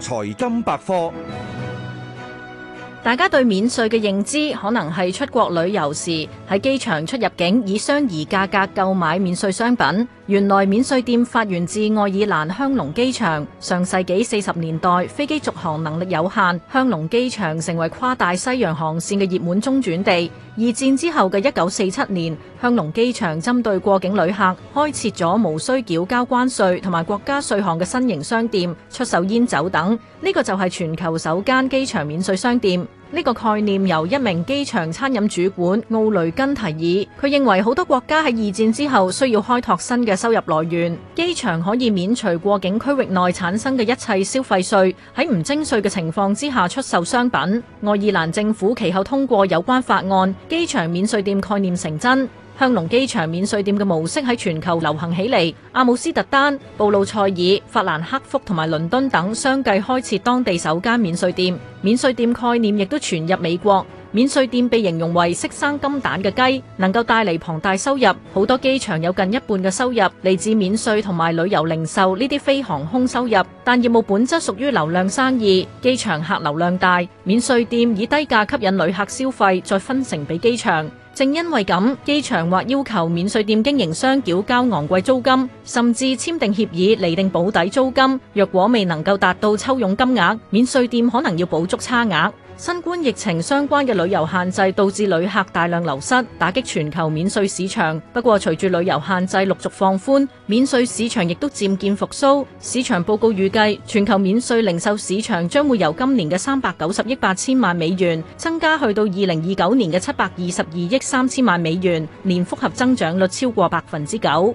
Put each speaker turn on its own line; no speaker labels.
財金百科。大家對免稅嘅認知可能係出國旅遊時喺機場出入境以相宜價格購買免稅商品。原來免稅店發源自愛爾蘭香農機場，上世紀四十年代飛機續航能力有限，香農機場成為跨大西洋航線嘅熱門中轉地。二戰之後嘅一九四七年，香農機場針對過境旅客開設咗無需繳交關稅同埋國家稅項嘅新型商店，出售煙酒等。呢、這個就係全球首間機場免稅商店。呢個概念由一名機場餐飲主管奧雷根提議，佢認為好多國家喺二戰之後需要開拓新嘅收入來源，機場可以免除過境區域內產生嘅一切消費稅，喺唔徵稅嘅情況之下出售商品。愛爾蘭政府其後通過有關法案，機場免稅店概念成真。香農機場免稅店嘅模式喺全球流行起嚟，阿姆斯特丹、布魯塞爾、法蘭克福同埋倫敦等相繼開設當地首間免稅店。免稅店概念亦都傳入美國，免稅店被形容為識生金蛋嘅雞，能夠帶嚟龐大收入。好多機場有近一半嘅收入嚟自免稅同埋旅遊零售呢啲非航空收入，但業務本質屬於流量生意。機場客流量大，免稅店以低價吸引旅客消費，再分成俾機場。正因為咁，機場或要求免稅店經營商繳交昂貴租金，甚至簽訂協議厘定保底租金。若果未能夠達到抽佣金額，免稅店可能要補足差額。新冠疫情相關嘅旅遊限制導致旅客大量流失，打擊全球免稅市場。不過，隨住旅遊限制陸續放寬，免稅市場亦都漸漸復蘇。市場報告預計，全球免稅零售市場將會由今年嘅三百九十億八千萬美元增加去到二零二九年嘅七百二十二億。三千萬美元，年複合增長率超過百分之九。